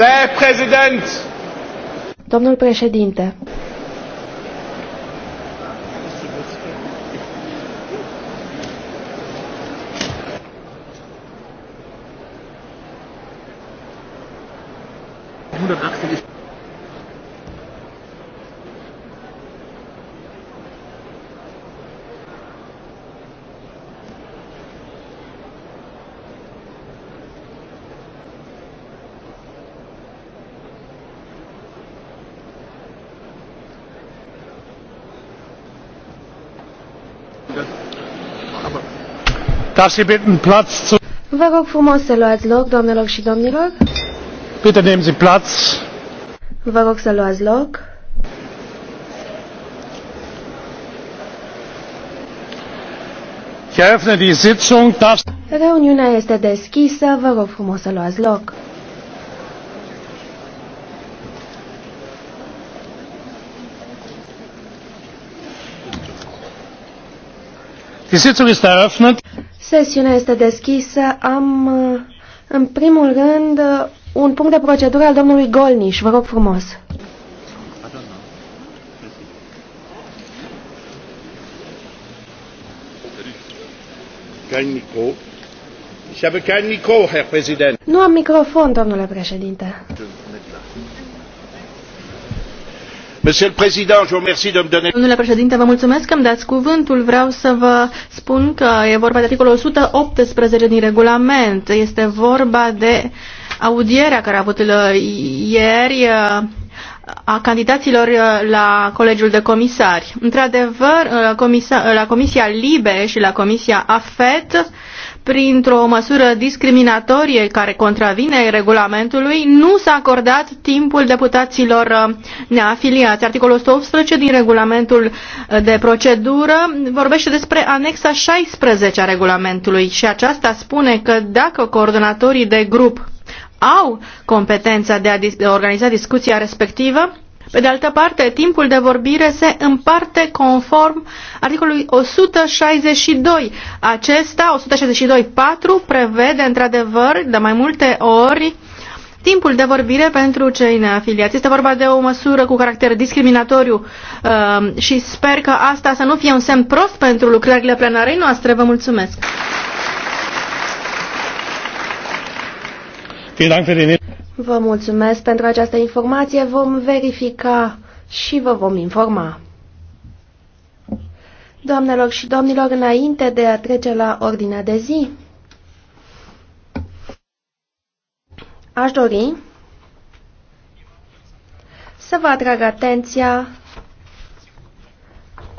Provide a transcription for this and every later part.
Der Präsident! Domnul președinte. ist Vă rog frumos să luați loc, doamnelor și domnilor. Bitte nehmen Sie Platz. Vă rog să luați loc. Ich eröffne die Sitzung. Reuniunea este deschisă. Vă rog frumos să luați loc. Sesiunea este deschisă. Am, uh, în primul rând, uh, un punct de procedură al domnului Golniș. Vă rog frumos. Nu am microfon, domnule președinte. Domnule președinte, vă mulțumesc că îmi dați cuvântul. Vreau să vă spun că e vorba de articolul 118 din regulament. Este vorba de audierea care a avut ieri uh, a candidaților uh, la Colegiul de Comisari. Într-adevăr, uh, la Comisia Libe și la Comisia AFET printr-o măsură discriminatorie care contravine regulamentului, nu s-a acordat timpul deputaților uh, neafiliați. Articolul 118 din regulamentul uh, de procedură vorbește despre anexa 16 a regulamentului și aceasta spune că dacă coordonatorii de grup au competența de a organiza discuția respectivă, pe de altă parte, timpul de vorbire se împarte conform articolului 162. Acesta, 162.4, prevede într-adevăr de mai multe ori timpul de vorbire pentru cei neafiliați. Este vorba de o măsură cu caracter discriminatoriu uh, și sper că asta să nu fie un semn prost pentru lucrările plenarei noastre. Vă mulțumesc! Vă mulțumesc pentru această informație. Vom verifica și vă vom informa. Doamnelor și domnilor, înainte de a trece la ordinea de zi, aș dori să vă atrag atenția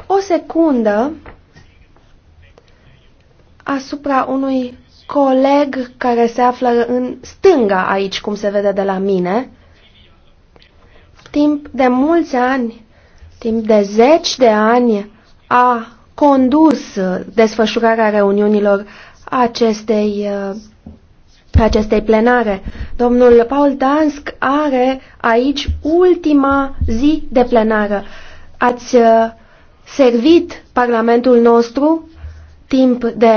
o secundă asupra unui coleg care se află în stânga aici, cum se vede de la mine, timp de mulți ani, timp de zeci de ani, a condus desfășurarea reuniunilor acestei, uh, acestei plenare. Domnul Paul Dansk are aici ultima zi de plenară. Ați uh, servit Parlamentul nostru timp de